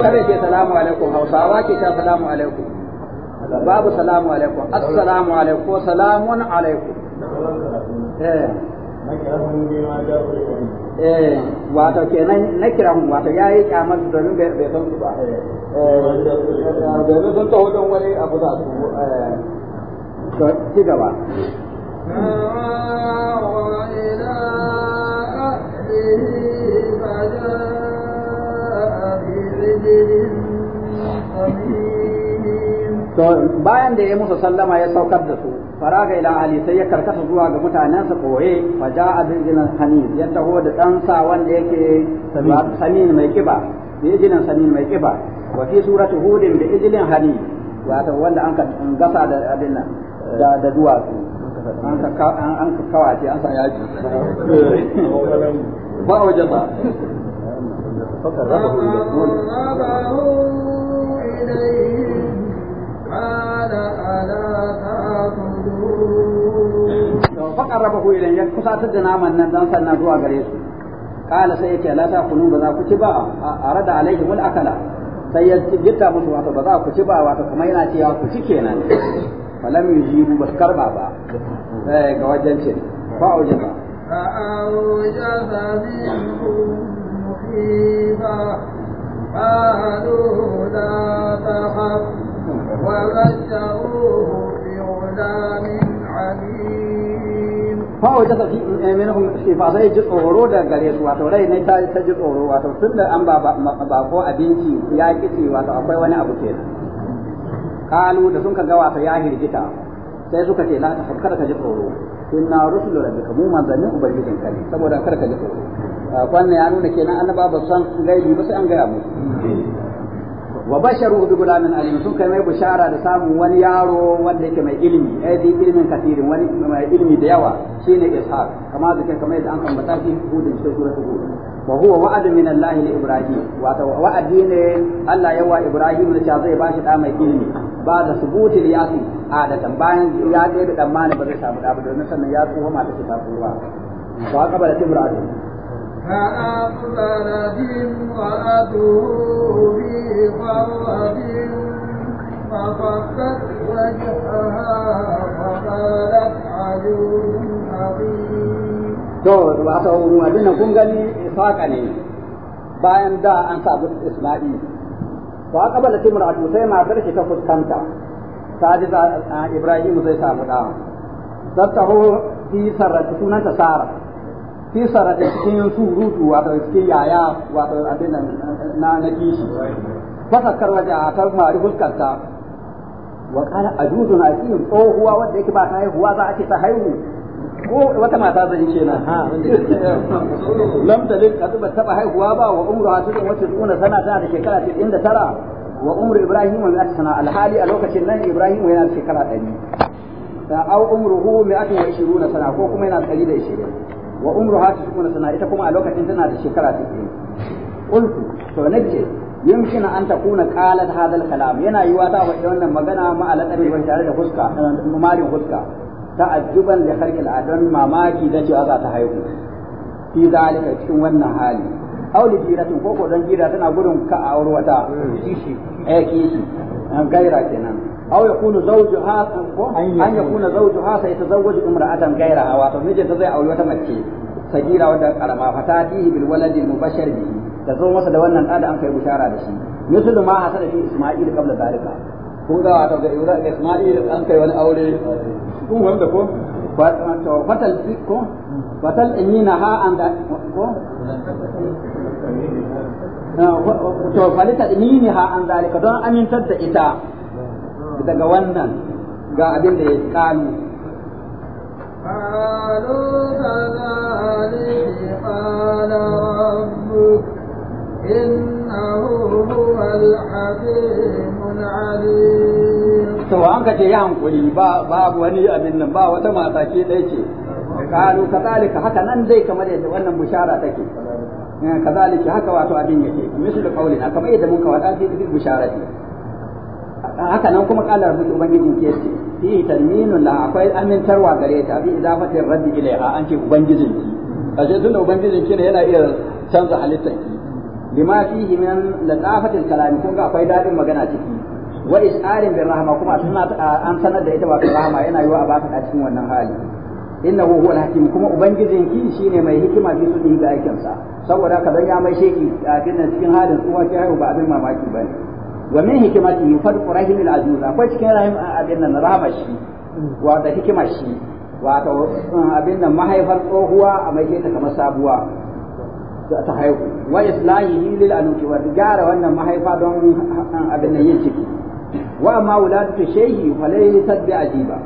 Kare ce salamu alaikum Hausawa ke ta salamu alaikum. Babu salamu alaikum. Assalamu alaikum salamun alaikum. Eh. eh. wato kenan na kiran wato ya kyamar domin bai san su ba. Eh. sun taho don wani abu su eh. ci gaba. to bayan da ya musu sallama ya saukar da su faraga ila ali sai ya karkata zuwa ga mutanensa koye fa ja'a bijinan hanin ya taho da ɗansa wanda yake samin mai kiba bijinan samin mai kiba wa fi surati hudin bi ijlin hani wato wanda an ka gasa da abin nan da da duwatsu an ka kawace an sa yaji ba wajaba فقربه إليهم قال ألا تأكلون فقربه إليهم كساتد نعمل نبدأ سنة غريسو kala sai yake la ta kunu ba za ku ci ba a rada alaihi wal akala sai ya gitta musu wato ba za ku ci ba wato kuma yana cewa ku ci kenan falam yujibu ba karba ba eh ga wajen ce fa ba نصيبا قالوا لا تخف وبشروه بغلام عليم فوجد في منهم tsoro da gare su wato rai ne ta ta ji tsoro wato tunda an ba ba abinci ya kici wato akwai wani abu kenan kalu da sun kaga wato ya hirgita sai suka ce la ta kada ka ji tsoro inna rusulu rabbika mu manzanni ubangijin kare saboda kada ka ji tsoro wannan ya nuna kenan annaba ba san gaibi ba sai an gaya musu wa basharu bi gulamin alim sun kai mai bishara da samun wani yaro wanda yake mai ilimi eh dai ilimin kafirin wani mai ilimi da yawa shine ishaq kama da kai kamar da an kambata shi hudin cikin suratul hud wa huwa wa'ad min Allah li ibrahim wato wa'adi ne Allah yawa ibrahim da zai bashi da mai ilimi ba da subutul yasi adatan bayan ya dai da tsammani ba zai samu da ba don sannan ya tsoma ta ta tsohuwa wa qabala timra'atu فأقبلت امرأته في غرة فصدت da kun gani isaƙa ne bayan da an sa Isma'il. Wa ƙabala timuratu sai matar shi ta fuskanta, ta ji Ibrahim zai samu ɗa. Zattaho fi sarrafi sunanta Sara. fi sarade cikin surutu wato cikin yaya wato abin na na kishi fasakar waje a ta mari fuskarta wa kana ajudun cikin tsohuwa wanda yake ba ta haihuwa za a ce ta haihu ko wata mata zan ce na lam talid ka ba taba haihuwa ba wa umru hasidun wacce tsuna sana tana da shekara 99 wa umru ibrahim wa sana alhali a lokacin nan ibrahim yana da shekara 100 au umruhu 120 sana ko kuma yana da 120 wa umruha tashkuna sana ita kuma a lokacin tana da shekara ta kiyi qultu to nake yumkin an takuna qalat hadal kalam yana yiwa ta wa wannan magana ma ala tare wa tare da huska mamari huska ta'ajjuban li da adan mamaki da cewa za ta haihu fi zalika cikin wannan hali aw li jiratin ko ko dan jira tana gudun ka aurwata kishi eh kishi an gaira kenan أو يكون زوجها أن يكون زوجها سيتزوج امرأة غيرها وتمجد تزوج أو يتمكي sajira wadda karama fatatihi bil waladi mubashir bi da zo masa da wannan da an kai bushara da shi misal ma hasala fi isma'il qabla zalika kun ga wato da ibra da isma'il an kai wani aure kun ko to fatal ko fatal ha an ha an zalika don amintar da ita daga wannan ga abin da ya kalu قالوا كذلك قال ربك إنه هو الحكيم العليم to an ka ce ya hankuli ba wani abin nan ba wata mata ce ɗaya ce ka kazalika haka nan dai kamar yadda wannan bushara take eh, kazalika haka wato abin yake misal qaulina kamar yadda mun ka wada fi bisharati haka nan kuma kala rubutu ubangijin ke ce fi tarminun la akwai amintarwa gare ta bi idafatin rabbi ilaiha an ce ubangijin ki kaje tunda ubangijin ki ne yana iya canza halittar ki lima fihi min latafatil kalami kun ga akwai dadin magana ciki wa isarin bin rahama kuma suna an sanar da ita ba rahama yana yiwa a baka a cikin wannan hali innahu huwal hakim kuma ubangijin ki shine mai hikima fi sunni ga aikinsa saboda haka dan ya mai sheki a cikin halin tsuwa ki haihu ba abin mamaki bane wa min hikimati farqu al azuz akwai cikin rahim abin nan rahama shi wa da hikima shi wa ta uh, abin nan mahaifar tsohuwa a mai ta kamar sabuwa ta haihu wa islahi lil anuki wa gyara wannan mahaifa don uh, abin nan yin ciki wa amma wuladatu shayhi fa laysa bi ajiba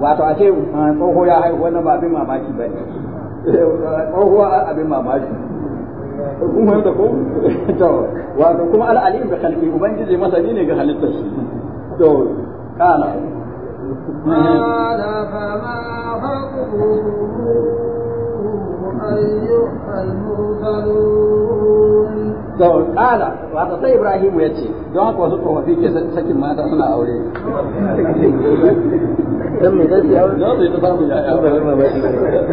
wato a ce uh, tsoho ya haihu wannan ba abin mamaki bane tsohuwa abin mamaki kun fahimta ko to wato kuma al'alim ubangiji ne ga halittar shi to kana sai ibrahim ya ce don haka wasu tsofaffi ke sakin mata suna aure mai gaskiya don ta samu yaya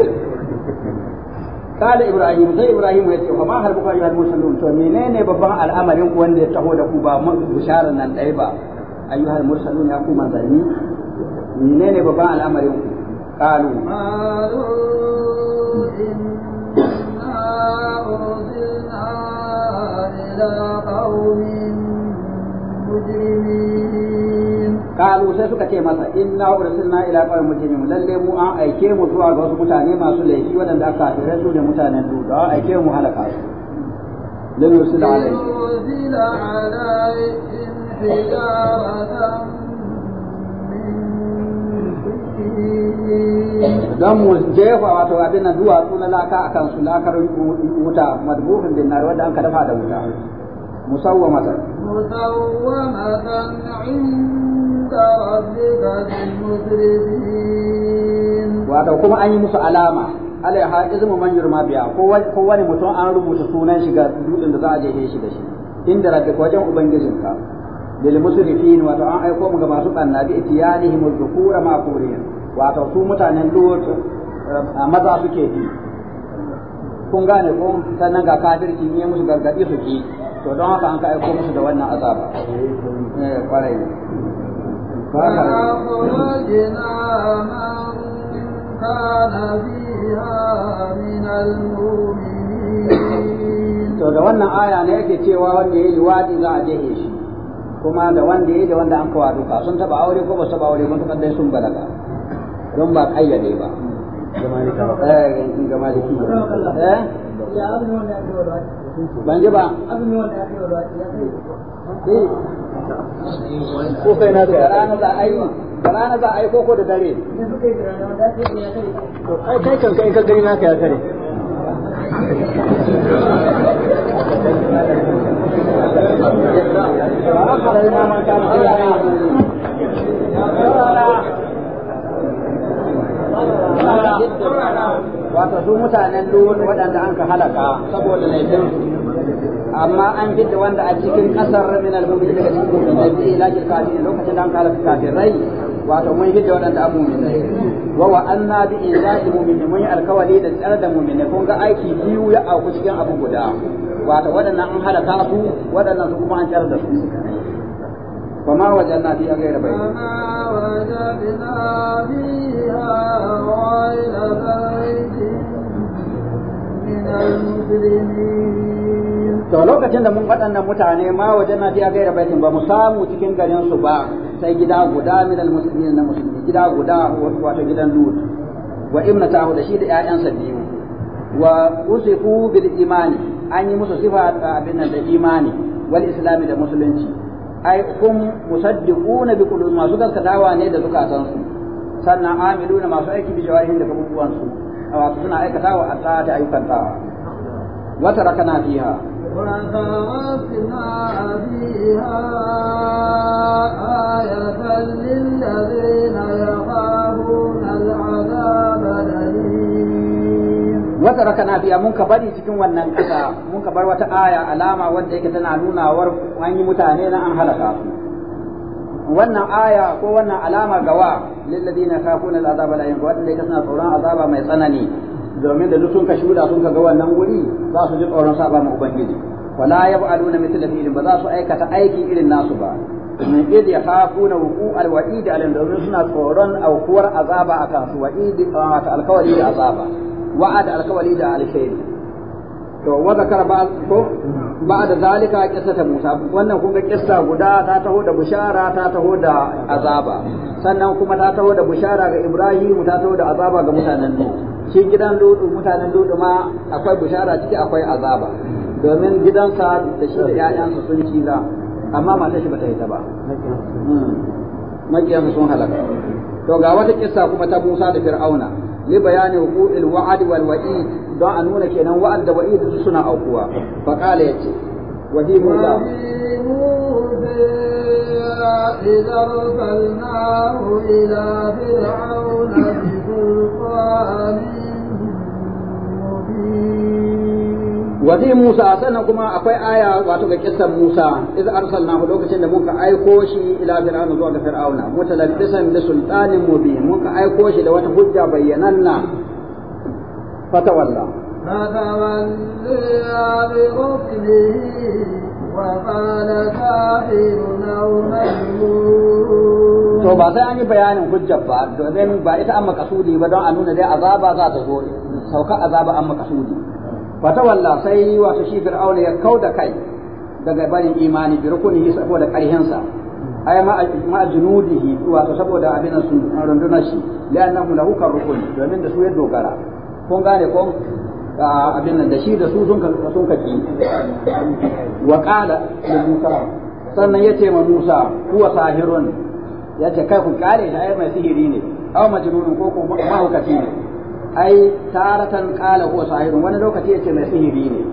قال ابراهيم sai ibrahim ya ce هل hal buka ayyuhal تو to babban al'amarin ku wanda ya taho da ku ba mu bisharar nan dai ba ayyuhal muslimun ya ku manzanni menene babban al'amarin ku qalu إلى قوم مجرمين kalu sai suka ce masa inna ursilna ila qaumin mujrimin lalle mu an aike mu zuwa ga wasu mutane masu laifi wadanda aka tare su da mutanen su da aike mu halaka su lan yursil alaihim dan mu jefa wato abin nan duwatsu na laka akan su lakar wuta madbufin bin nar wanda an dafa da wuta musawwamatan musawwamatan wato kuma an yi musu alama ala ya haɗe zama man yurma biya ko wani mutum an rubuta sunan shiga dutsen da za a jefe shi da shi inda rabbi wajen ubangijinka lil musrifin wato an aiko mu ga masu banna bi itiyanihim dhukura ma kuriyan wato su mutanen lut maza suke bi kun gane ko sannan ga kafirci ne musu gargadi su ki to don haka an ka aiko musu da wannan azaba eh kwarai فأخرجنا من كان فيها من المؤمنين to da wannan aya ne yake cewa wanda ya yi wadi za a jehe shi kuma da wanda ya yi da wanda an kawo duka sun taba aure ko ba su taba aure mutum dai sun balaga don ba kayyade ba eh, eh? ban ji ba ko kai na ga rana za a yi da rana za a yi koko da dare kai kan kai ka gani naka ya kare Wata su mutanen waɗanda an ka halaka saboda laifin amma an jidda wanda a cikin kasar min al-mu'min daga cikin mu'minai bi ilajil kafirin lokacin da an kala kafirai wato mun jidda wadanda abu ne wa wa anna bi ilajil mu'min mun yi alkawali da tsare da ne kun ga aiki biyu ya auku cikin abu guda wato wadannan an halaka su wadannan su kuma an tsare da su وما وجدنا فيها غير بيت وما وجدنا فيها غير بيت من المجرمين to lokacin da mun waɗannan mutane ma wajen na fiya gaira baitin ba mu samu cikin garin su ba sai gida guda min muslimin na musulmi gida guda wato gidan lut wa ibnatahu da shi da ƴaƴansa biyu wa usifu bil imani an yi musu sifa abin da imani wal islami da musulunci ai kum musaddiquna bi ma masu gaskatawa ne da san su sannan amiluna masu aiki bi jawahin da kabubuwan su wato suna aikatawa a ta ayyukan ta, wata tarakana fiha وتركنا فيها آية للذين يخافون العذاب الأليم وتركنا فيها منك بري cikin wannan kasa ka bar wata aya alama wanda yake tana nunawar wani mutane na an halaka su wannan aya ko wannan alama gawa lilladina kafuna al'azaba la yanqu wanda suna tsoron azaba mai tsanani domin da sun ka shuda sun ka ga wannan guri za su ji tsoron saba ma ubangiji wala yaf'aluna mithla fi'lin ba za su aikata aiki irin nasu ba min id yakhafuna wuqu' al-wa'id da domin suna tsoron aukuwar azaba akan su wa'id ta alkawali da azaba wa'ad alkawali da alkhairi to wa zakara ba ko ba'da zalika qissata Musa wannan kun ga kissa guda ta taho da bushara ta taho da azaba sannan kuma ta taho da bushara ga Ibrahim ta taho da azaba ga mutanen Nuh shi gidan ludu mutanen ludu ma akwai bushara ciki akwai azaba domin gidansa da shi da ‘ya'yansa sun cila amma matar shi ba ta yi ta ba hmm. makiyansa sun halaka to ga wata kissa kuma ta musa da fir'auna li bayani huquqil wa'd wal wa'id don a nuna kenan wa'ad da wa'id su suna aukuwa fa qala yace wa hi musa إذا أرسلناه إلى فرعون بسلطان wazi Musa sannan kuma akwai aya wato ga kissan Musa arsalna ku lokacin da muka aiko shi ila fir'auna zuwa ga fir'auna mutalabbisan bi sultanin mubin muka aiko shi da wata hujja bayyananna fatawalla to ba sai an yi bayanin hujjar ba domin ba ita an makasudi ba don a nuna dai azaba za ta zo ne sauka azaba an maka makasudi fata walla sai wato shi fir'auna ya kauda kai daga barin imani bi rukunihi saboda karhinsa ay ma junudihi wato saboda abin sun rundunar shi li'annahu lahu rukuni domin da su ya dogara kun gane ko abin nan da shi da su sun ka sun kaki wa qala li musa sannan ya ce ma musa huwa sahirun ce kai ku kare shi ai mai sihiri ne aw majnunun ko ko mahaukaci ne ai taratan qala huwa sahirun wani lokaci yace mai sihiri ne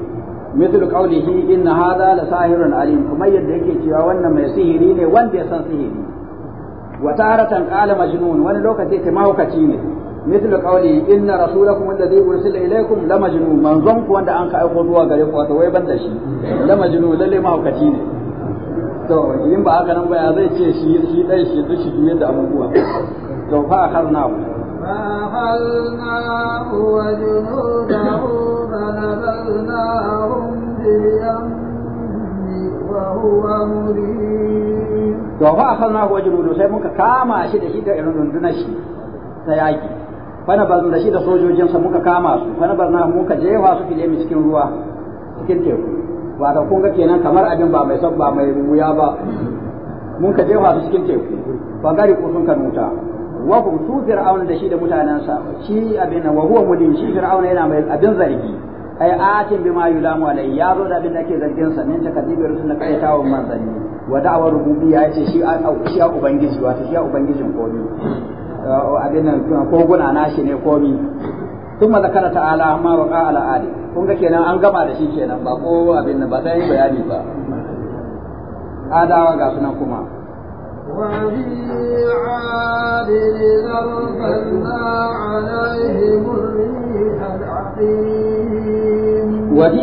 mithlu qawlihi inna hadha la sahirun alim kuma yadda yake cewa wannan mai sihiri ne wanda ya san sihiri wa taratan qala majnun wani lokaci yace mahaukaci ne mithlu qawlihi inna rasulakum alladhi ursila ilaykum la majnun manzon ku wanda an ka aiko zuwa gare ku wato wai ban da shi la majnun lalle mahaukaci ne to in ba haka nan ba ya zai ce shi shi dai shi duk shi da abubuwa to fa akhadnahu فأخذناه وجنوده فنبذناهم باليم وهو shi da shi da irin runduna shi ta yaki fana bar da shi da sojojinsa muka kama su fana bar na je jefa su fide mu cikin ruwa cikin teku wato kun ga kenan kamar abin ba mai ba mai wuya ba mun ka jefa su cikin teku ba gari ko sun kan wuta wa hum su fir'auna da shi da mutanansa shi abin wa huwa mudin shi fir'auna yana mai abin zargi ay atin bima yulamu alai ya zo da abin ake zargin sa min takaddibi rusul na kaita wa manzanni wa da'awar rububiyya yace shi an shi ya ubangiji wato shi ya ubangijin komi uh, abin nan koguna nashi ne komi ثم ذكر تعالى ما وقع على آله kun ga kenan an gama da shi kenan ba ko abin nan ba sai bayani ba adawa ga sunan kuma Wa biyu ya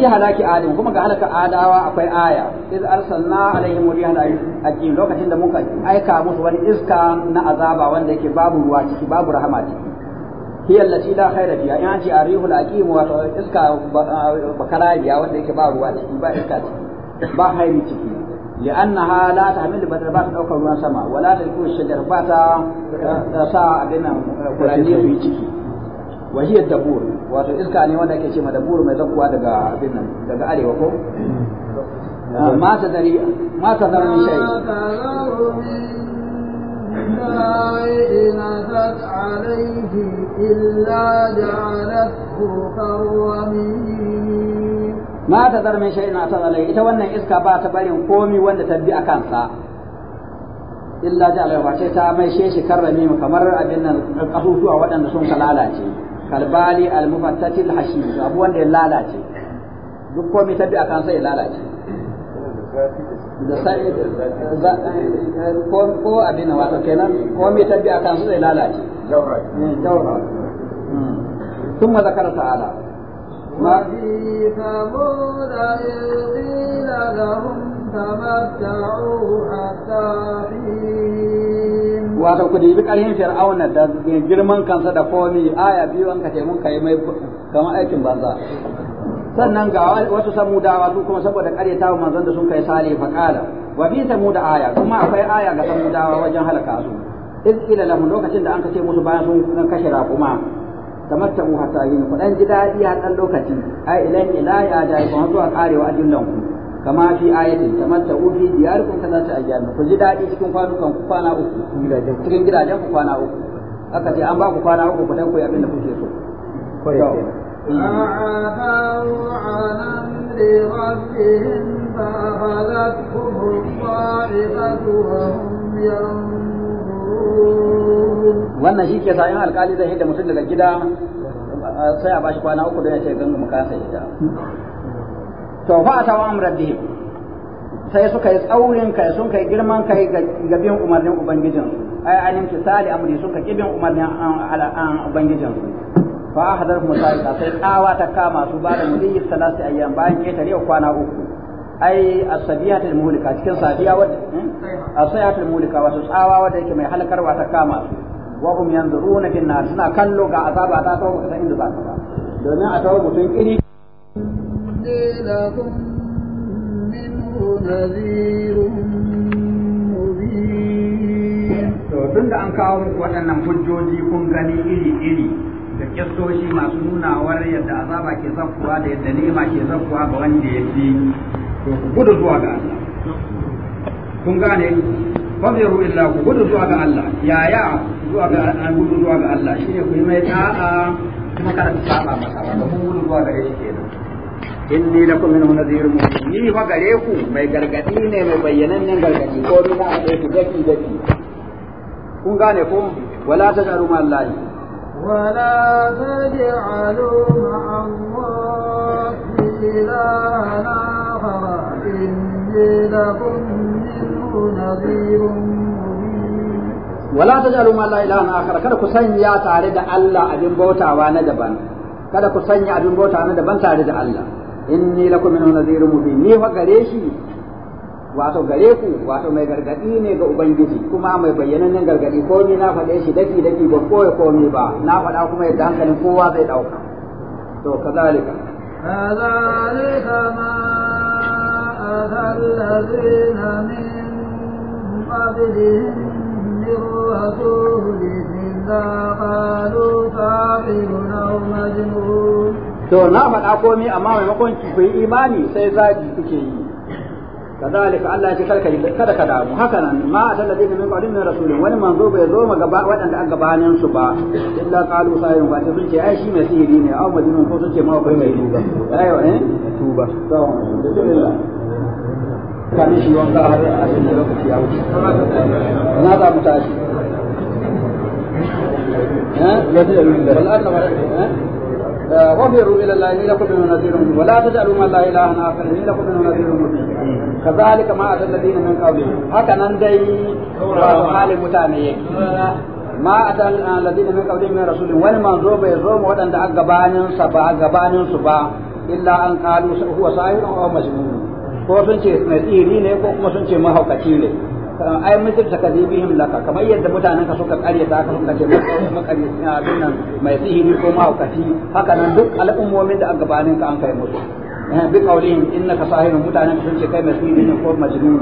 hada ni da alim, kuma ga halaƙa adawa akwai aya. Iza 'yansalar da yin aji lokacin da muka aika musu wani iska na azaba wanda ke babu ruwa ciki, babu rahama ciki. Ki yalla ci da kaira jiya, ina ce a rihu da ake wa iska baka raya wanda yake babu ruwa ciki, ba iska ciki ba haifi ciki. لأنها لا تحمل بدربات أو كروان سما ولا تكون الشجر باتا ساعة بين قراني وهي الدبور wato iska ne wanda ake ce ma daburu mai zakkuwa daga abin nan daga arewa ko ma ta dari ma ta zama min shayi إن أتت عليه إلا جعلته كرمين ma ta zar min shay'in atal ita wannan iska ba ta barin komi wanda ta bi akan sa illa ja ta mai she shi karrami kamar abin nan waɗanda sun ka lalace kalbali almufattatil hashim abu wanda ya lalace duk komi ta bi ya lalace da sai ko abin nan wato kenan komi ta bi akan sa zai lalace jawra jawra ثم ذكر تعالى وفي ثمود إذ قيل لهم تمتعوا حتى wato ku dibi ƙarfin fir'auna da girman kansa da komi aya biyu an kace mun kai mai kamar aikin banza sannan ga wasu samudawa su kuma saboda ƙaryatawa manzon da sun kai sale fa kala wa fi samuda aya kuma akwai aya ga samudawa wajen halaka su iz ila lahum lokacin da an kace musu bayan sun kashe raƙuma tamattamu hatta yin ku dan ji dadi har dan lokaci ai ilan ila ya da ku a karewa ajullan ku kama fi ayatin tamattamu fi diyarikum kaza ta ayyam ku ji dadi cikin kwanukan ku kwana uku cikin gidajen ku kwana uku aka ce an ba ku kwana uku ku dan koyi abin da kuke so فأخذتهم الصاعقة وهم ينظرون wannan shi ke sayan alkali zai hidda mutum daga gida sai a bashi kwana uku don ya ce gangu mu kasa gida to fa ta wa amradihim sai suka yi tsaurin kai sun kai girman kai ga bin umarnin ubangijin ai yi misali amri sun kai bin umarnin ubangijin fa hadar musaika sai tsawa ta kama su ba da muliyi salasi ayyan bayan ketare kwana uku ai asabiyat almuhlika cikin safiya wadda hmm? A asayatul mulika wasu tsawa wanda yake mai halakarwa ta kama su wa hum yanzuruna bin nar suna kallo ga azaba ta tawo ta inda za ta ba domin a tawo mutum iri to tun da an kawo muku waɗannan hujjoji kun gani iri-iri da kistoshi masu nunawar yadda azaba ke zakkuwa da yadda ni'ima ke zakkuwa ga wanda ya fi to gudu zuwa ga Allah kun gane fabiru illa ku gudu zuwa ga Allah yaya zuwa ga gudu zuwa ga Allah shine ku yi mai da'a kuma karanta ku saba masa ba mun gudu zuwa ga shi kenan inni lakum min nadhir mubin ni fa gare ku mai gargadi ne mai nan gargadi ko mina ake ku gaki gaki kun gane ko wala ta garu ma Allah ولا تجعلوا مع الله إلها آخر إني لكم wala ta ولا تجعلوا la ilaha إله آخر kada ku sanya tare da Allah abin bautawa na daban kada ku sanya abin bautawa na daban tare da Allah inni lakum min nadhirun mubin ni fa gare shi wato gare ku wato mai gargadi ne ga ubangiji kuma mai bayyanannen gargadi ko ni na faɗe shi daki daki ba ko ko komai ba na faɗa kuma yadda hankalin kowa zai ɗauka to kazalika kazalika ma الذين من قبلهم من رسول إلا قالوا ساحر أو مجنون to na faɗa komai amma maimakon ki ku yi imani sai zagi kuke yi kadalika Allah ya ce karka yi kada ka damu haka nan ma a ta ladina min qadim min rasulun wani manzo bai zo ma gaba waɗanda an gabanin su ba illa qalu sayyun ba ta sunce ai shi mai sihiri ne a majnun ko sunce ma kai mai duba ayo eh tuba to bismillah kamin shi wanka har a abin da lokaci ya wuce na za mu tashi وفروا الى الله ان لكم منه نذير مبين ولا تجعلوا مع الله الها اخر ان لكم منه نذير مبين كذلك ما اتى الذين من قبلهم هكذا دي حال متانيه ما أتى الذين من قبلهم من رسول وين ما زوب يزوم ودن دعا قبانين سبا قبانين سبا إلا أن قالوا هو سائر أو مجنون ko sun ce tsiri ne ko kuma sun ce mahaukaci ne ai mutum ta kadibihim laka kamar yadda mutanen ka suka kare ta ka suka ce makari abin nan mai sihiri ko mahaukaci haka nan duk al'ummomin da a gabanin ka an kai musu eh, bi qaulihim innaka sahirun mutanen ka sun ce kai mai sihiri ne ko majnun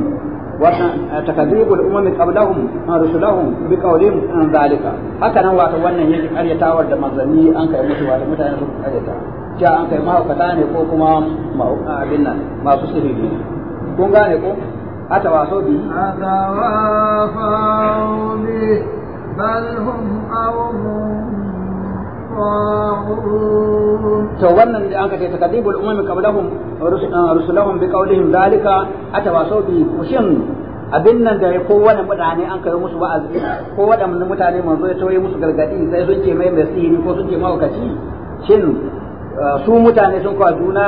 eh, eh, rusulahum bi قبلهم an zalika haka nan واتو wannan yake karyatawar da mazani an kai musu wa mutane su karyata ja an kai mahaukata ne ko kuma abin nan masu ne kun gane ko hata waso bi bal hum to wannan da aka ce takadibul umami qablahum ah, rusulahum bi qawlihim zalika atawaso bi kushin abin nan da ko wani mutane an kai musu wa'azi ko wadannan mutane manzo ya tawaye musu gargadi sai sun ce mai mai sihiri ko sun ce mawakaci shin su mutane sun kawo juna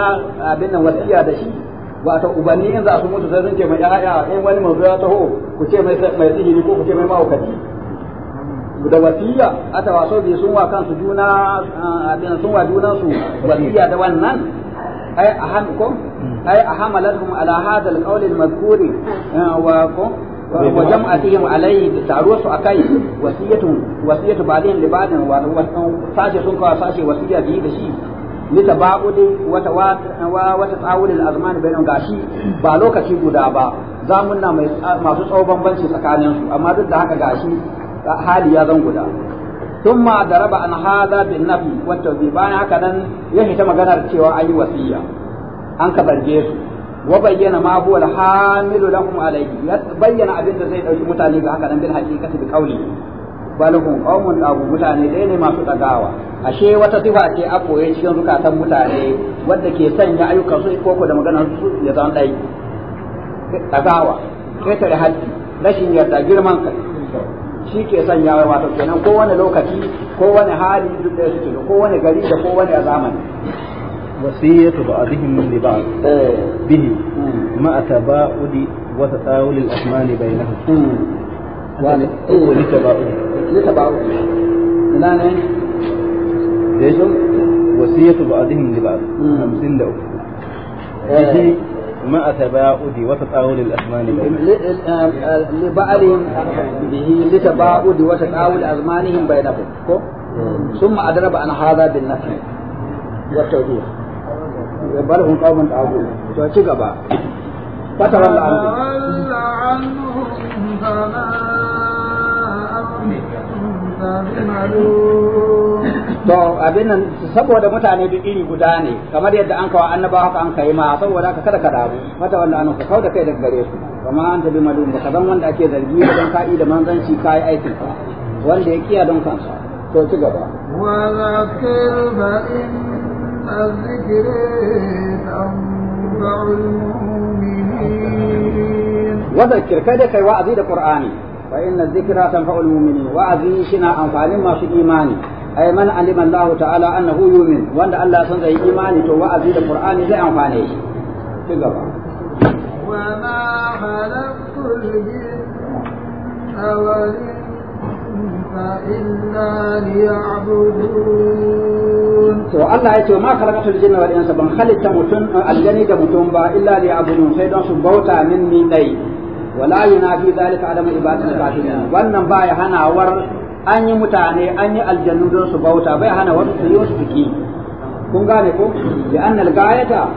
abin nan wasiya da shi wato ubanni in za su mutu sai sun ce mai ya'ya in wani mazo ya taho ku ce mai sihiri ko ku ce mai mahaukaci da wasiya ata waso bi sun wa kansu juna abin sun wa junan su wasiya da wannan ai aham ko ai ahamalatuhum ala hadha alqawl almadhkuri eh, wa ko wa jam'atihim alayhi da taruwa su akai wasiyatu wasiyatu ba'dihim li ba'din wa sun kawo sashe wasiya bi da shi lita ba'udin wata wata tsawulil azman bainahum gashi ba lokaci guda ba zamunna mai masu tsawo bambanci tsakanin su amma duk da haka gashi hali ya zan guda thumma daraba an hada bin nafi wa tawbi bayan haka nan ya hita maganar cewa an yi wasiya an ka barge su wa bayyana ma huwa al hamilu lahum alayhi bayyana abin da zai dauki mutane ga haka nan bil haqiqati bi qawli balhum qaumun abu mutane dai ne masu dagawa ashe wata sifa ce a koye cikin zukatan mutane wadda ke sanya ayyukan su ko da maganar su ya zan ɗai ɗagawa tare haddi rashin yarda girman kai shi ke sanya wa wato kenan wani lokaci wani hali duk da ko wani gari da kowane zamani وصية eh. bihi hmm. ma ataba'udi wa tasawul al الأثمان bainahum hmm. واضح ايوه لتباؤه لتباؤه بمعنى ايش؟ وصية بعضهم لبعض خمسين لو به آه. مع تباعد وتطاول الأزمان آه، آه، لبعضهم به لتباعد وتطاول أزمانهم بينهم ثم أدرب أن هذا بالنفي والتوبيخ بل هم قوم تعبون فتولى عنهم فتولى عنهم فما to abin nan saboda mutane duk iri guda ne kamar yadda an kawo annaba haka an kai ma saboda haka kada ka damu mata wannan an ka kauda kai daga gare su kuma an tabi malum ba kaban wanda ake zargi don ka'i da manzanci kai aikin ka wanda ya kiya don kansa to ci gaba wa zakir ba in azzikri wa zakir kai da kai wa'azi da qur'ani فإن الذكرى تنفع المؤمنين وعزي شنا أنفعل ما في إيماني أي من علم الله تعالى أنه يؤمن وأن الله سنزع إيماني تو وعزي القرآن زي أنفعله تقبع وما خلقت الجن فإلا ليعبدون to Allah ya ce ma khalaqatul jinna wal insa ban halitta mutum aljani da mutum ba illa liya'budun sai don su bauta min ni dai wala yunafi zalika adam ibadatul kafirin wannan baya hanawar an yi mutane an yi aljannu don su bauta bai hana wasu su yi wasu biki kun gane ko li annal gayata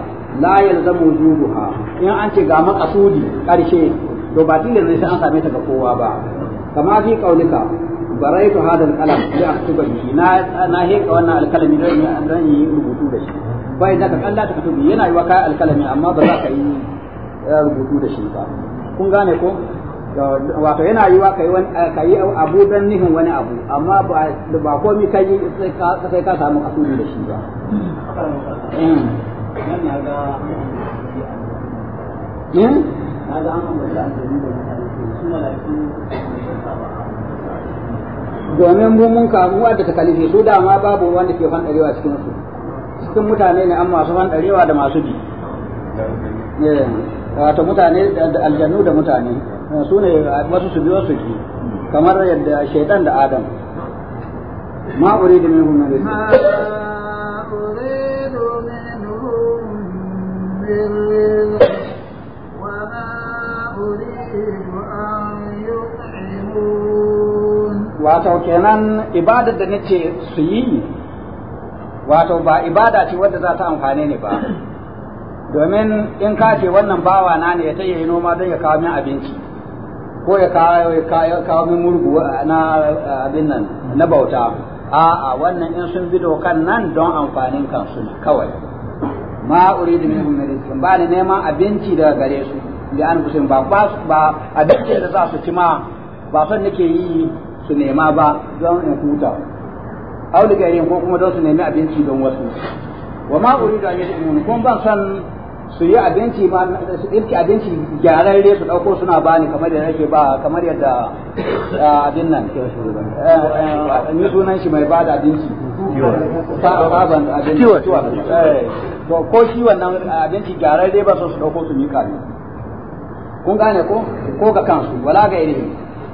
la yalzamu wujubuha in an ce ga maqasudi karshe to ba tilin ne sai an same ta ga kowa ba kama fi qaulika baraitu hadal qalam ya aktuba bihi na na heka wannan alkalami don ne an yi rubutu da shi bai da ka kalla ta kutubi yana yi wa kai alkalami amma ba za ka yi eh, rubutu da shi ba kun gane ko wato yana yi wa kai wani kai abu dan nihin wani abu amma ba ba komai kai sai ka sai ka samu asiri da shi ba hmm. Hmm? domin mu mun a da takalifi su dama babu wanda ke fandarewa cikin su cikin mutane ne an masu fandarewa da masu bi eh. wato mutane aljannu da mutane eh, su ne eh, wasu su biyo su ki kamar yadda shaitan da adam ma da minhum na rizq wato kenan ibadar da nace su yi wato ba ibada ce wadda za ta amfane ne ba domin in ka ce wannan bawa na ne ya ta yi noma don ya kawo min abinci ko ya kawo min murgu eh, na eh, abin nan na bauta a'a wannan in sun bi dokan nan don amfanin kansu ne kawai ma uridu minhum rizqan ba ni neman abinci daga gare su bi an kusin ba ba abinci da za su ci ma ba son nake yi su nema ba don in huta auli garin ko kuma don su nemi abinci don wasu wa ma uridu an yad'un kun ban san su yi abinci ma su ɗinki abinci gyararre su dauko suna bani kamar da nake ba kamar yadda abin nan eh, eh, ni sunan shi mai bada abinci sabon abinci eh, to ko shi wannan abinci gyararre ba su dauko su mika ne kun gane ko ko ga kansu wala ga iri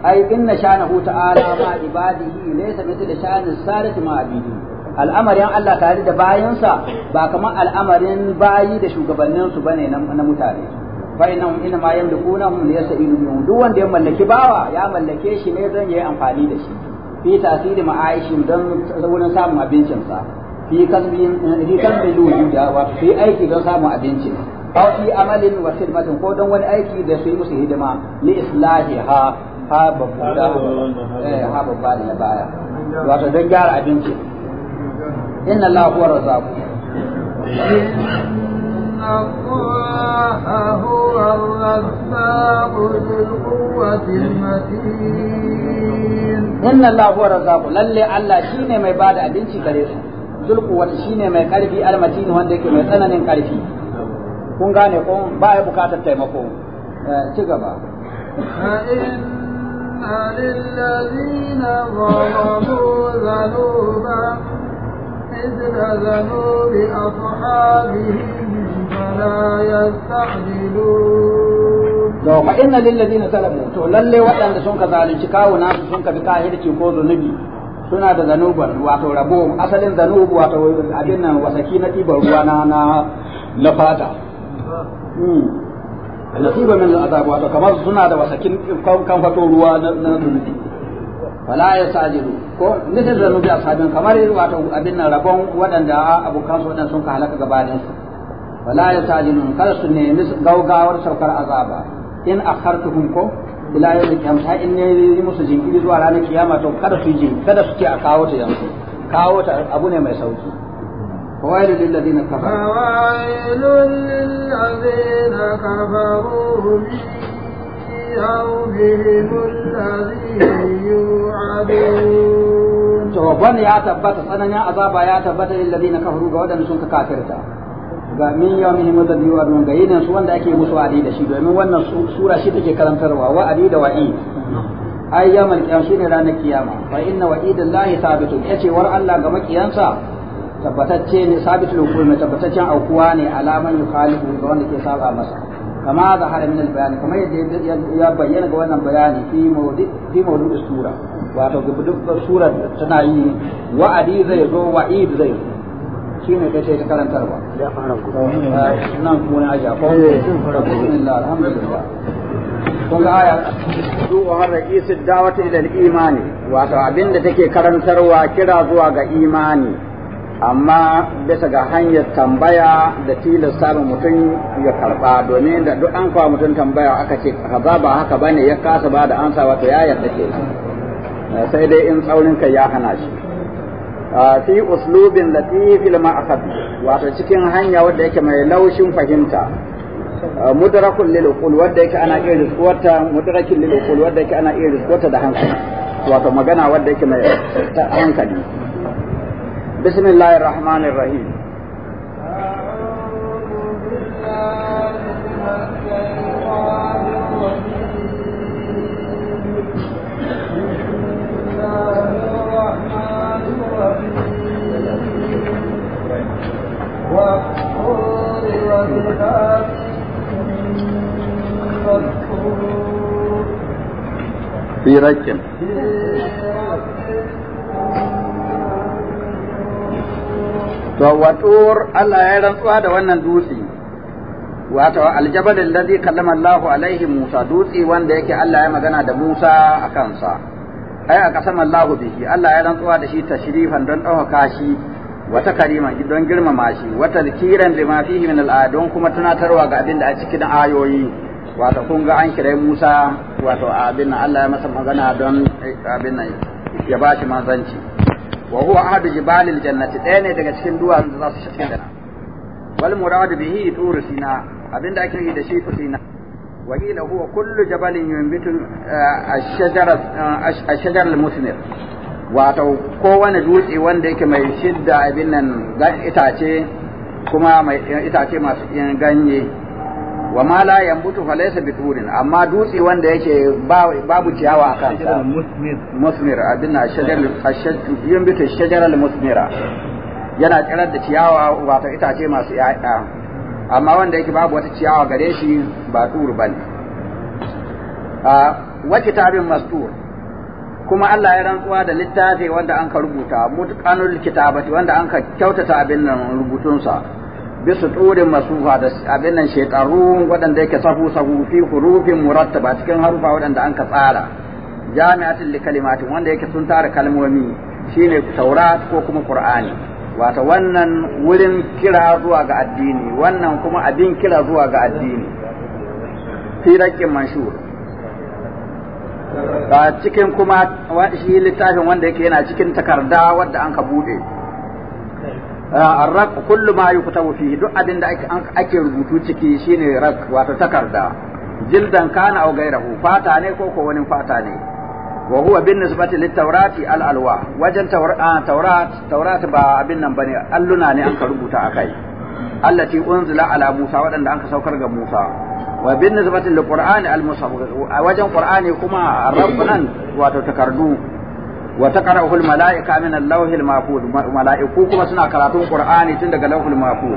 ai inna shanahu ta'ala ma ibadihi laysa mithla shanis sarati ma abidihi al'amarin Allah tare da bayansa ba kamar al'amarin bayi da shugabanninsu bane na mutane bainahum ina ma yamlikunahum li yas'ilu bihum duk wanda ya mallaki bawa ya mallake shi ne zan yayi amfani da shi fi tasiri ma ma'aishin don wurin samun abincin sa fi kasbin fi kasbin wujuda wa fi aiki don samun abincin aw fi amalin wa khidmatin ko don wani aiki da su yi musu hidima li islahiha ha babu eh, da ha babu da baya wato don gyara abincin inna Allah huwa razzaq inna Allah huwa razzaq lalle Allah shine mai bada abinci gare su zulku wani shine mai karfi almatini wanda yake mai tsananin karfi kun gane ko ba ya bukatar taimako ci gaba للذين ظلموا ذنوبا مثل ذنوب أصحابهم فلا يستعجلون لو فإن للذين سلموا to lalle waɗanda sun ka zalunci kawo nasu sun ka bi hirci ko zunubi suna da zanuban wato rabo asalin zanubu wato abin nan wasaki na ɗiban ruwa na na fata hmm. nasiba min al'azab wato kamar suna da wasakin kan fato ruwa na zunubi fala ya sajiru ko misal da nubi ashabin kamar wato abin nan rabon waɗanda abokan su waɗanda sun ka halaka da su fala ya sajiru kada su nemi gaugawar saukar azaba in akhartuhum ko ila yau da kyamta in ne yi musu jinkiri zuwa ranar kiyama to kada su ji kada su ce a kawo ta yanzu kawo ta abu ne mai sauki فويل للذين كفروا فويل للذين كفروا بهم الذي يوعدون توبان يا تبت سنن عذاب يا تبت للذين كفروا غودن سنك كافرتا ga min yawmin madad yu'adun ga yidan su wanda ake musu wa'adi da shi domin wannan sura shi take karantarwa wa'adi da wa'id ai yawmal qiyam shine ranar kiyama fa inna wa'idallahi sabitun yace war Allah ga makiyansa tabbatacce ne sabitul hukumi tabbataccen aukuwa ne alaman yukhalifu ga wanda ke saba masa kama da haramin albayani kamar yadda ya bayyana ga wannan bayani fi mawdu da sura wato ga duk sura tana yi wa'adi zai zo wa'id zai zo shi ne kai sai ta karantarwa kuma kun ga aya du'an ra'isid da'wati ila al-imani wato abinda take karantarwa kira zuwa ga imani amma bisa ga hanyar tambaya da tilasta ma mutum ya karba domin da duk an kwa mutum tambaya aka ce kaza ba haka ba ne ya kasa ba da ansa wato ya yarda ke eh, sai dai in tsaurin kai ya hana shi ah, fi uslubin latifil ma'akhad wato cikin hanya wadda yake mai laushin fahimta ah, mudarakun lil wadda yake ana iya riskuwarta mudarakin lil wadda yake ana iya riskuwarta da hankali wato magana wadda yake mai hankali بسم الله الرحمن الرحيم في رجم to watur Allah ya rantsuwa da wannan dutse wato aljabal alladhi kallama Allahu alaihi Musa dutse wanda yake Allah ya magana da Musa a kansa ai aka sama Allahu bihi Allah ya rantsuwa da shi tashrifan don dauka shi wata karima don girmama shi wata zikiran lima fihi min al'adun kuma tunatarwa ga abin da a cikin ayoyi wato kun ga an kirai Musa wato abin Allah ya masa magana don eh, abin nan ya bashi manzanci wa huwa ahadu jibalil jannati ɗaya ne daga cikin duwatsun da za su shiga janna wal muradu bihi turu sina abinda ake yi da shi turu sina wa qila huwa kullu jabalin yunbitu eh, ash-shajara eh, ash-shajar al-musnir kowane dutse wanda yake mai shidda abin nan itace kuma mai itace masu ganye wa ma la yambutu fa laysa biturin amma dutse wanda yake babu ciyawa a sa musmir abin na shajar yambutu shajar musmira yana tsirar da ciyawa wato itace masu ya'ya amma wanda yake babu wata ciyawa gare shi ba tur bane a wa kitabin mastur kuma Allah ya rantsuwa da littafi wanda an ka rubuta mutqanul kitabati wanda an ka kyautata abin nan rubutunsa bisu turin masufa da abin nan shekaru waɗanda yake safu-safu fi hurufin murattaba cikin harufa waɗanda an ka tsara jami'atin likalimatin wanda yake sun tara kalmomi shine taurat ko kuma qur'ani wato wannan wurin kira zuwa ga addini wannan kuma abin kira zuwa ga addini fi rakin manshur ba cikin kuma shi littafin wanda yake yana cikin takarda wadda an ka bude الرق kullum ما يكتب فيه duk abin da ake rubutu ciki shine rak wato takarda jildan kana au gairahu fata ne ko ko wani fata ne wa huwa bin nisbati lit tawrati wajen tawrat ah, ba abin nan bane alluna ne an ka rubuta akai allati unzila ala musa wadanda an ka saukar ga musa wa bin nisbati lil qur'ani al wajen qur'ani kuma rabb nan wato takardu wa taqra'uhu al-mala'ika min al-lawhi al-mahfuz mala'iku kuma suna karatun qur'ani tun daga lawhul mahfuz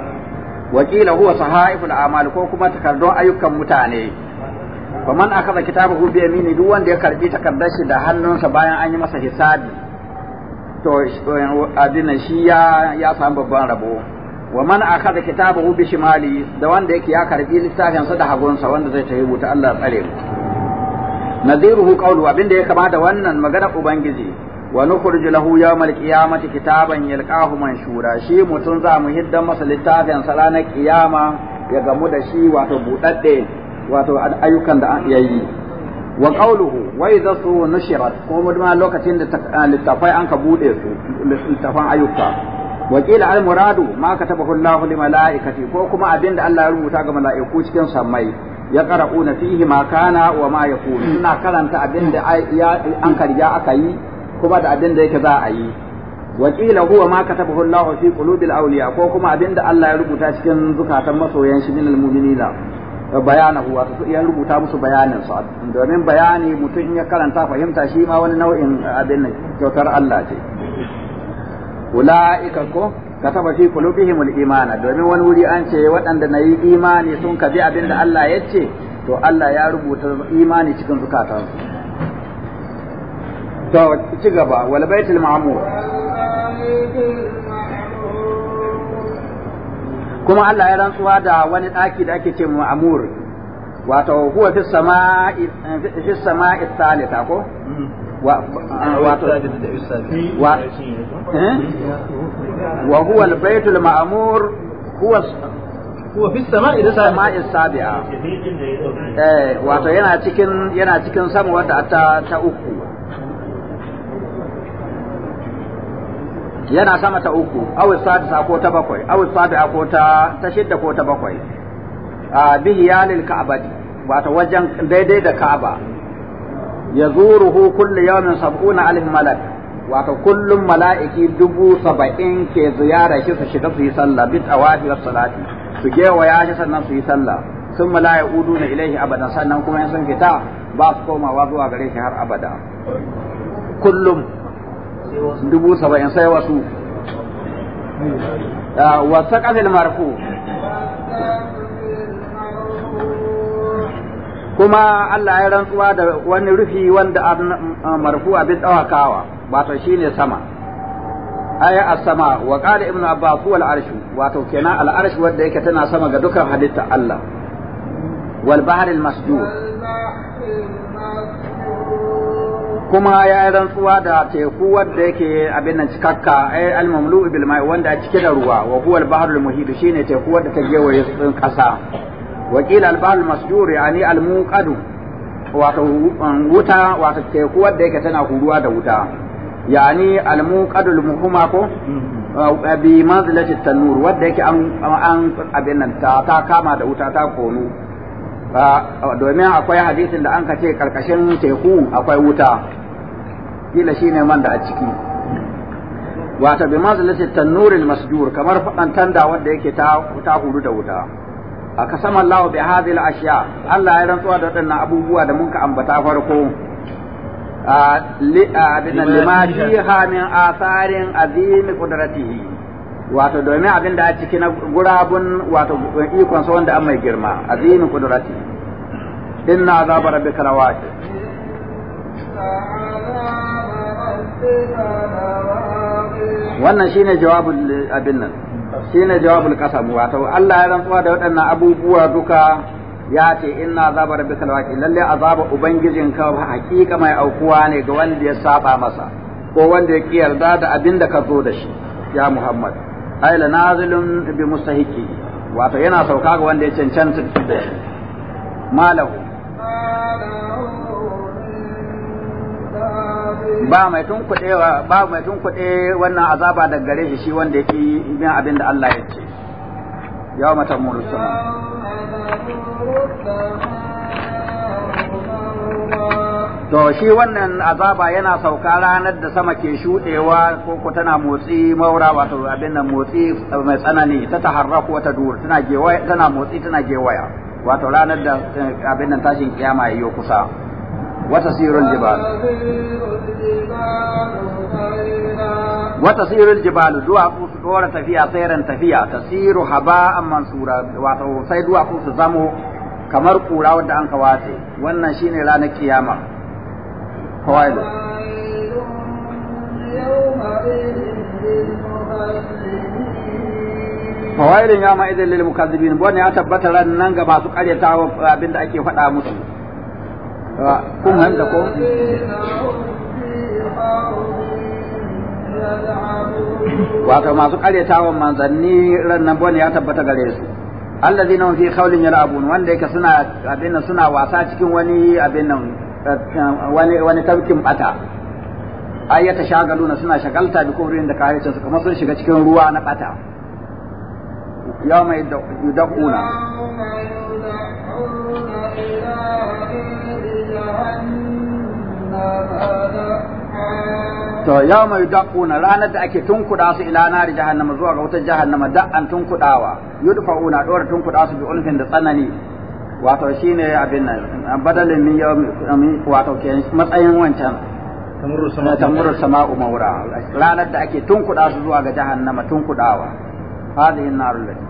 wa qila huwa sahaiful a'mal ko kuma takardun ayyukan mutane faman akaza kitabahu bi yamini duk wanda ya karbi takardar shi da hannunsa bayan an yi masa hisabi to adina shi ya ya babban rabo wa man akhadha kitabahu bi shimali da wanda yake ya karbi littafin sa da hagunsa wanda zai ta rubuta Allah tsare mu nadiruhu qawlu abinda ya kama da wannan magana ubangiji Wani nukhrij lahu yawmal qiyamati kitaban yalqahu manshura shi mutun za mu hidda masa littafin ranar kiyama ya gamu da shi wato budadde wato ayyukan da an yayi wa qawluhu wa idza su nushirat ko mudma lokacin da littafai an ka su ayyuka وقيل المراد ما كتبه الله لملائكته ko kuma abinda Allah ya rubuta ga mala'iku cikin sammai ya qara'una fihi ma kana wa ma yakunu suna karanta abinda an karya aka yi kuma da abin da yake za a yi wakila huwa ma katabahu Allah fi qulubil awliya ko kuma abin da Allah ya rubuta cikin zukatan masoyan shi minal mu'minina huwa, su ya rubuta musu bayanin su domin bayani mutum ya karanta fahimta shi ma wani nau'in abin kyautar Allah ce ula'ika ko kataba fi qulubihim imana domin wani wuri an ce waɗanda na yi imani sun kabi abin da Allah ya ce to Allah ya rubuta imani cikin zukatansu to ci gaba wal baitul ma'mur kuma Allah ya rantsuwa da wani daki da ake ce ma'mur wato huwa fi sama'i fi sama'i salita ko hmm. ah, wato eh? wa huwa al-baytul ma'mur huwa huwa fi sama'i da sama'i sabi'a eh wato yana cikin yana cikin sama wadda ta uku yana sama ta uku awis sadisa ko ta bakwai awis a ko ta ta shidda ko ta bakwai a bihiyalil ka'bati wato wajen daidai da ka'aba Ya yazuruhu kullu yawmin sab'una alif malak wato kullum mala'iki dubu saba'in ke ziyara shi su shiga su yi sallah bi tawafi was salati su gewaya shi sannan su yi sallah sun udu na ilaihi abadan sannan kuma in sun fita ba su komawa zuwa gare shi har abada kullum dubu saba'in sai wasu wata ƙafil marfu kuma Allah ya rantsuwa da wani rufi wanda an marfu abin tsawakawa wato shine sama aya a sama wa ƙari ibn abbas wal arshu wato kenan al arsh wanda yake tana sama ga dukkan halitta Allah wal bahar al masjud kuma ya yi rantsuwa da teku wadda yake abin nan cikakka ai al-mamlu bil mai wanda a cike da ruwa wa huwa al al muhit shine teku wadda ta gewa tsin kasa wa qila al al masjur yani al-muqad wato um, wuta wato teku wadda yake tana huruwa da wuta yani al al muhuma ko mm-hmm. uh, bi manzilati tanur wadda yake an an abin nan ta ta kama da wuta ta konu uh, domin akwai hadisin da an ka ce karkashin teku akwai wuta kila shine man da a ciki wata bi mazalati tanuril masjur kamar fadan tanda wanda yake ta ta huru da wuta a kasama Allah bi hadhihi al-ashya Allah ya rantsuwa da waɗannan abubuwa da mun ka ambata farko lima fiha min atharin azim qudratihi wato domin abin da a ciki na gurabun wato ikon sa wanda an mai girma azim qudratihi inna azaba rabbika lawaqi wannan ne jawabin abin nan ne jawabin qasam wato Allah ya rantsuwa da waɗannan abubuwa duka ya ce inna azaba rabbikal waqi lalle azaba ubangijinka hakika mai aukuwa ne ga wanda ya saba masa ko wanda ya ki yarda da abin da ka zo da shi ya Muhammad ay la nazilun bi mustahiqi wato yana sauka ga wanda ya cancanta malahu ba mai tunkuɗewa ba mai tunkuɗe wannan azaba daga gare shi shi wanda yake bin abin da Allah ya ce yawa mata murusuna to shi wannan azaba yana sauka ranar da sama ke shuɗewa ko ko tana motsi maura wato abin nan motsi mai tsanani ta taharraku wata dur tana gewaya tana motsi tana gewaya wato ranar da eh, abin nan tashin kiyama yayi kusa وتسير الجبال وتسير الجبال دوا دورة تفيا سيرا تفيا تسير هباء منصورا واتو سيد وافو تزامو kamar kura wadda an kawace wannan shine ranar kiyama fawailu fawailun ya ma'idin lil mukazzibin bone ya tabbata ran nan ga masu karyata abinda ake faɗa musu kun hanta ko wato masu karyatawan manzanni ran nan bane ya tabbata gare su allazi nan fi khawlin rabun wanda yake suna abin suna wasa cikin wani abin nan wani wani tafkin bata ai shagalu na suna shagalta da kurin da kayyacin su kamar sun shiga cikin ruwa na bata yawma yudquna to yau mai na ranar da ake tunkuɗa su ila nari jahannama zuwa ga wutar jahannama da an tunkuɗawa yudfa'una dora tunkuɗa su bi ulfin da tsanani wato shine abin nan badalin min yawmi wato ke matsayin wancan tamuru sama eh, mawra ranar da ake tunkuɗa su zuwa ga jahannama tunkuɗawa hadhihi an-narul lati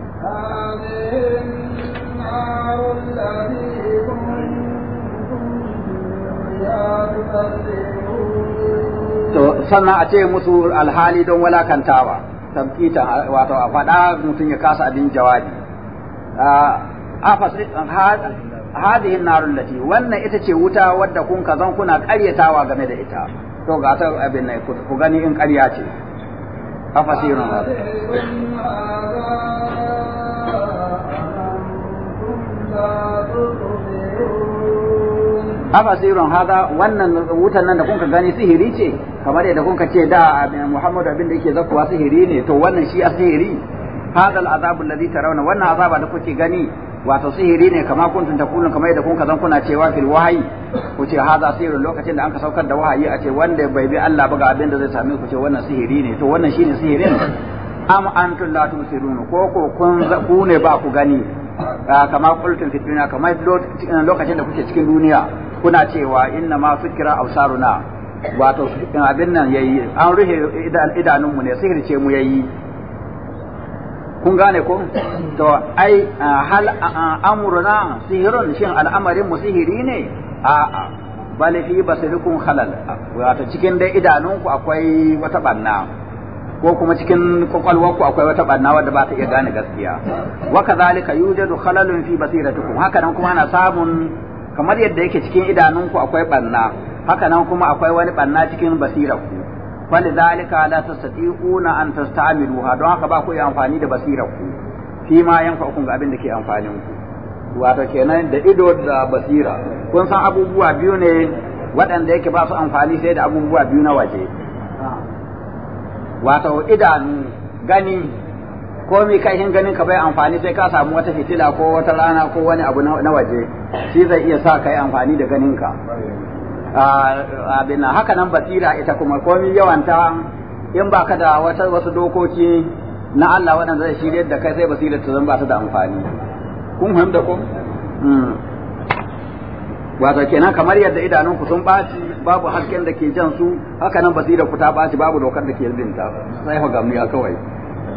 hadhihi an to sannan a ce musu alhali don walakantawa tamkita wato a faɗa mutum ya kasa abin jawabi A hadhihi an wannan ita ce wuta wadda kun kazan kuna ƙaryatawa game da ita to ga ta abin nan ku gani in ƙarya ce afasirun hadha afa sirron haza wannan wutan nan da kun gani sihiri ce kamar yadda kun ce da eh, Muhammadu abin da yake zakuwa sihiri ne to wannan shi asiri hada al'azab alladhi tarawna wannan azaba da kuke gani wato sihiri ne kama kuntum taqulun kamar yadda kun zan kuna cewa fil wahyi ku ce haza sirrun lokacin da an ka saukar da wahayi a ce wanda bai bi Allah ba ga abin da zai same ku ce wannan sihiri ne to wannan shine sihirin am antum la tusirun ko ko kun ku ne ba ku gani ah, kama kultun fitina kamar eh, lokacin da kuke cikin duniya kuna cewa inna ma sukira ausaruna wato abin nan yayi an ruhe idanunmu ne ce mu yayi kun gane ko to ai hal amruna sihirun shin al'amarin mu sihiri ne a bal fi basirikum khalal wato cikin dai idanunku akwai wata banna ko kuma cikin kwakwalwarku akwai wata barna wadda ba ta iya gane gaskiya wa kadhalika yujadu khalalun fi basiratikum haka nan kuma ana samun kamar yadda yake cikin idanunku akwai banna haka nan kuma akwai wani banna cikin basirarku fali zalika la tastati'una an tasta'miluha don haka ba ku yi amfani da basirarku fi ma yanka kun ga abin da ke amfanin ku wato kenan da ido da basira kun san abubuwa biyu ne waɗanda yake ba su amfani sai da abubuwa biyu na waje wato idanu gani ko mi kai ganin ka bai amfani sai ka samu wata fitila ko wata rana ko wani abu na waje shi zai iya sa kai amfani da ganin ka abin haka nan basira ita kuma komi yawanta in ba ka da wasu dokoki na Allah waɗanda zai shirya da kai sai basira ta zan ba ta da amfani kun fahimta ko hmm. wato kenan kamar yadda idanunku sun baci babu hasken da ke jan su haka nan basira ku ta baci babu dokar da ke binta sai ku gamniya kawai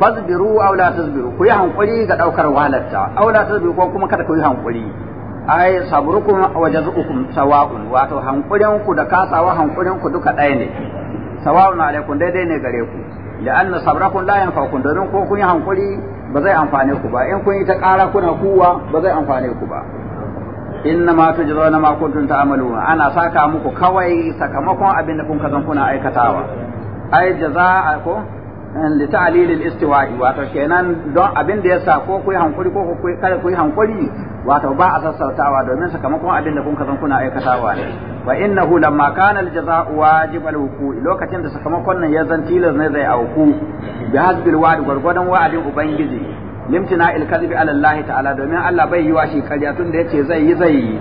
fasbiru aw la tasbiru ku yi hankuri ga daukar walarta aw la tasbiru ko kuma kada ku yi hankuri ai sabrukum wa jazukum sawa'un wato hankurin ku da kasawa hankurin ku duka ɗaya ne sawa'un alaikum daidai ne gare ku da anna sabrakum la yanfa'ukum domin ko kun yi hankuri ba zai amfane ku ba in kun yi ta ƙara kuna kuwa ba zai amfane ku ba inna ma tujzauna ma kuntum ta'malun ana saka muku kawai sakamakon abin da kun kazan kuna aikatawa ai jaza'a ko Eh, li ta'lil al-istiwa'i wato kenan don abin da yasa ko kuyi hankuri ko kuyi kada kuyi hankuri wato ba a sassautawa domin sakamakon abin da kun kazan kuna aikatawa ne wa innahu lamma kana al-jaza'u wajib al-wuqu lokacin da sakamakon nan ya zan tilas ne zai auku bi hasbil wa'd gurgurdan wa'adin ubangiji limtina al kadhibi ala Allah ta'ala domin Allah bai yi wa shi karya tun da yace zai yi zai yi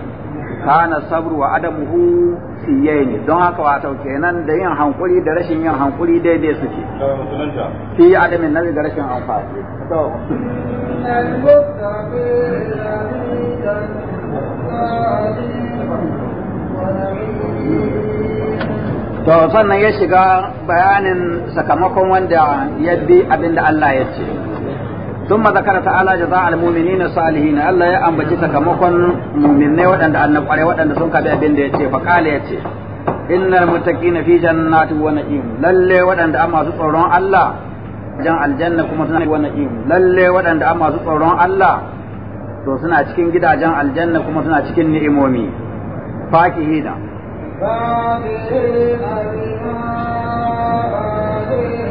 kana sabru wa adamuhu siyaini don haka wato kenan da yin hankuri da rashin yin hankuri daidai suke fi adamin nabi da rashin amfani to to sannan ya shiga bayanin sakamakon wanda ya bi abin da Allah ya ce ثم ذكر تعالى جزاء المؤمنين الصالحين الله يا أنبتي سكمكن مؤمنين وأن أن قري وأن سنك بأبين ديتي فقال يتي إن المتقين في جنات ونعيم للي وأن أما سطرون الله jan aljanna kuma suna wa na'im lalle waɗanda an masu tsoron Allah to suna cikin gidajen aljanna kuma suna cikin ni'imomi fakihina fakihina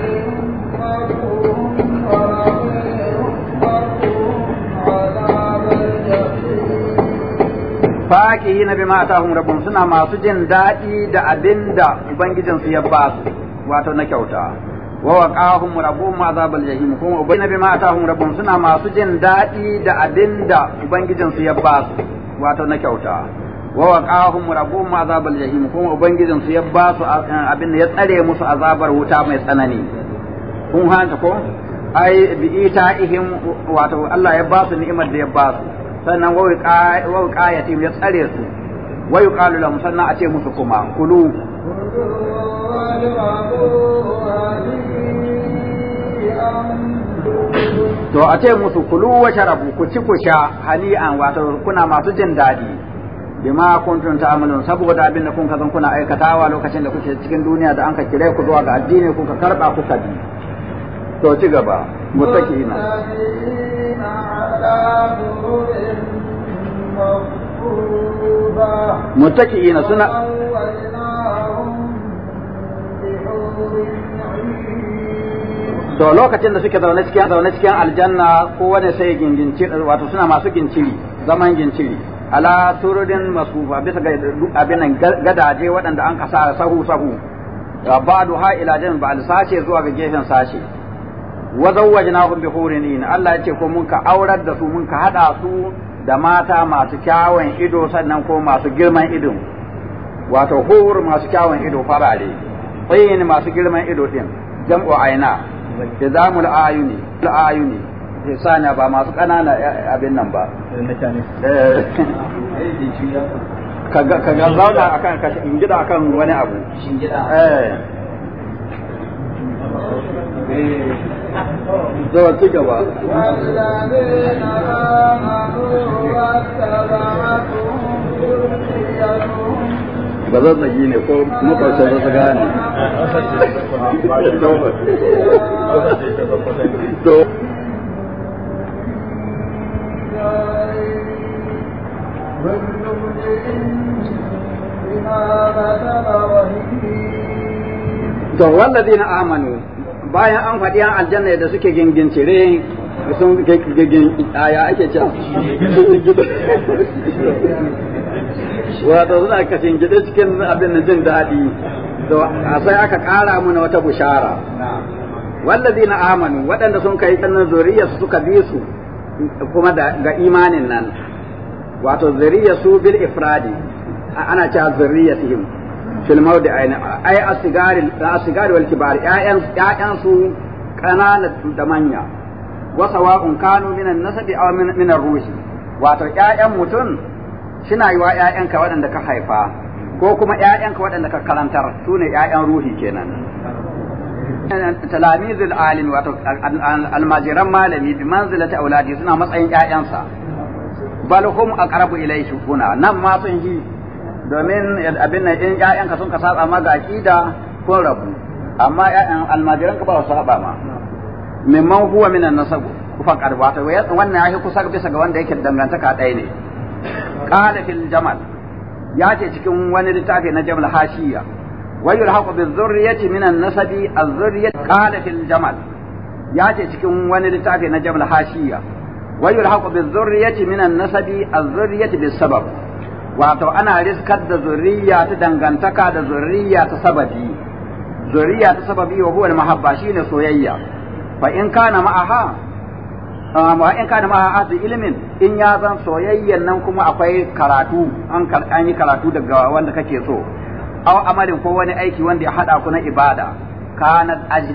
fakihina bima hun rabin suna masu jin daɗi da abinda ubangijinsu ya ba su wato na kyauta wa ma. rabbuhum azabal jahim kuma ubangijina bima hun rabin suna masu jin daɗi da abinda ubangijinsu ya ba su wato na kyauta wa waqahum rabbuhum azabal jahim kuma ubangijinsu ya ba su eh, abin ya tsare musu azabar wuta mai tsanani kun hanta ko ai bi ita ihim wato Allah ya ba su ni'imar da ya ba su sannan wa ce ya tsare su wai yuqalu lahum sannan a ce musu kuma kulu to a ce musu kulu wa sharabu ku ci ku sha an wato kuna masu jin daɗi bima kuntum ta'malun saboda abin da kun zan kuna aikatawa lokacin da kuke cikin duniya da an ka kire ku zuwa ga addini kuka karba kuka bi to ci gaba متكئين متكئين سنة to lokacin da suke zaune cikin zaune cikin aljanna kowane sai ginginci wato suna masu gincili zaman gincili ala sururin masufa bisa ga abinan gadaje waɗanda an kasa sahu sahu ba'du ha ila jami'a ba al sashe zuwa ga gefen sashe wa zawwajnahum bi hurin Allah ya ce ko mun ka aurar da su mun ka hada su da mata masu kyawun ido sannan ko masu girman ido wato hur masu kyawun ido farare tsayin masu girman ido din jam'u aina tizamul ayuni ayuni sana ba masu kanana eh, abin nan ba eh, ka ga zauna akan ka shingida akan wani abu shingida eh, eh. to ci gaba ba zan zagi ne ko makwashe ba su gane to to والذين آمنوا bayan an faɗi an aljanna da suke gingincire sun gingin aya ake cewa wato suna kashin gida cikin abin da jin daɗi a sai aka ƙara muna wata bushara wallazi na amanu waɗanda sun kai tsanin su suka bi su kuma ga imanin nan wato su bil ifradi ana cewa zuriyatihim fil mawdi ayna ay asigari asigari wal kibar ya'yan ya'yan su kanana da manya wa sawa'un kanu minan nasabi aw min ar-rushi wato ya'yan mutun suna yi wa ka wadanda ka haifa ko kuma ka wadanda ka karantar su ne ya'yan ruhi kenan talamizul alim wato al-majiran malami bi manzilati auladi suna matsayin ya'yansa bal hum aqrabu ilayhi kuna nan ma sun yi domin abin nan in ƴaƴanka sun ka saba ma ga aqida kun rabu amma ƴaƴan ka ba su saba ma mimman huwa minan nasab faqad wato wannan yahi kusa bisa ga wanda yake dangantaka ɗaya ne qala fil jamal ya ce cikin wani littafi na jamal hashiya wa yulhaqu bi dhurriyyati minan nasabi az-zurriyyat qala fil jamal ya ce cikin wani littafi na jamal hashiya wa yulhaqu bi dhurriyyati minan nasabi az-zurriyyati bis sabab wato ana riskar da zuriya ta dangantaka da zuriya ta sababi zuriya ta sababi wa huwa mahabba shine soyayya fa in kana ma'aha amma ah, in kana ma'aha ahli ilimin, in ya zan soyayyan nan kuma akwai karatu an an yi karatu daga wanda kake so aw amalin ko wani aiki wanda ya hada ku na ibada kana ajin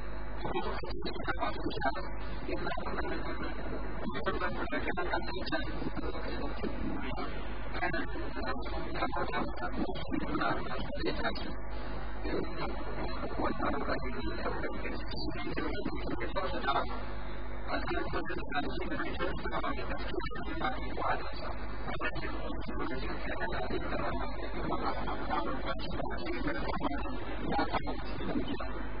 比如说，现在发展起来了，因为现在那个，现在发展起来，他们干的这些事情，都是很多都是不一样的。现在，他们现在发展起来了，他们现在呢，也相信，因为他们通过他们努力，他们也实现了自己的梦想，也实现了他们的目标。而且，通过他们的努力，他们也实现了自己的梦想，也实现了他们的目标。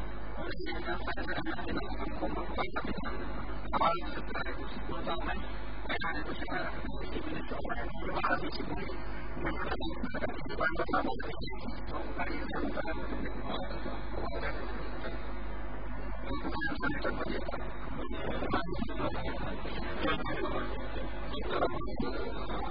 我们新疆现在这个农业呢，我们我们国家的这个农业，它完全是自给自足的。我们国家的这个小麦、玉米、棉花这些东西，我们都是自己自己种出来的。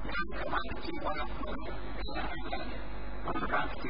Dan kemarin kita akan berbicara tentang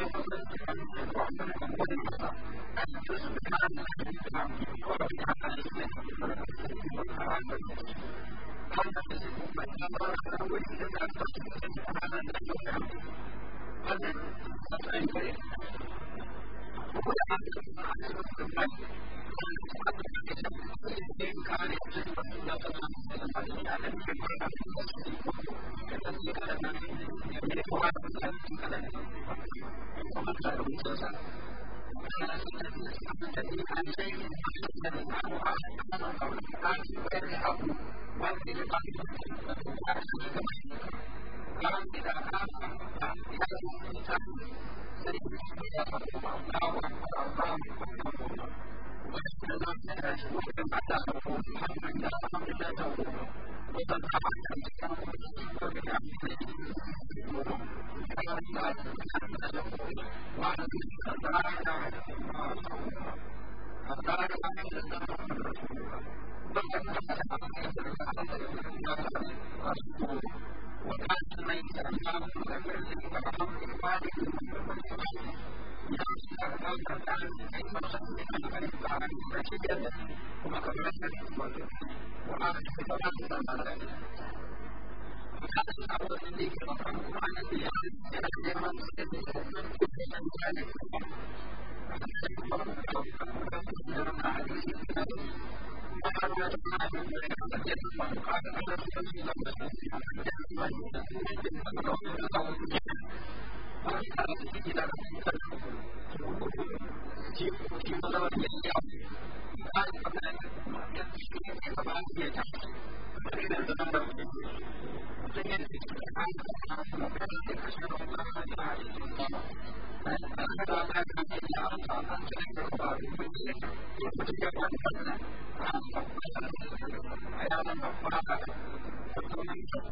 Thank you.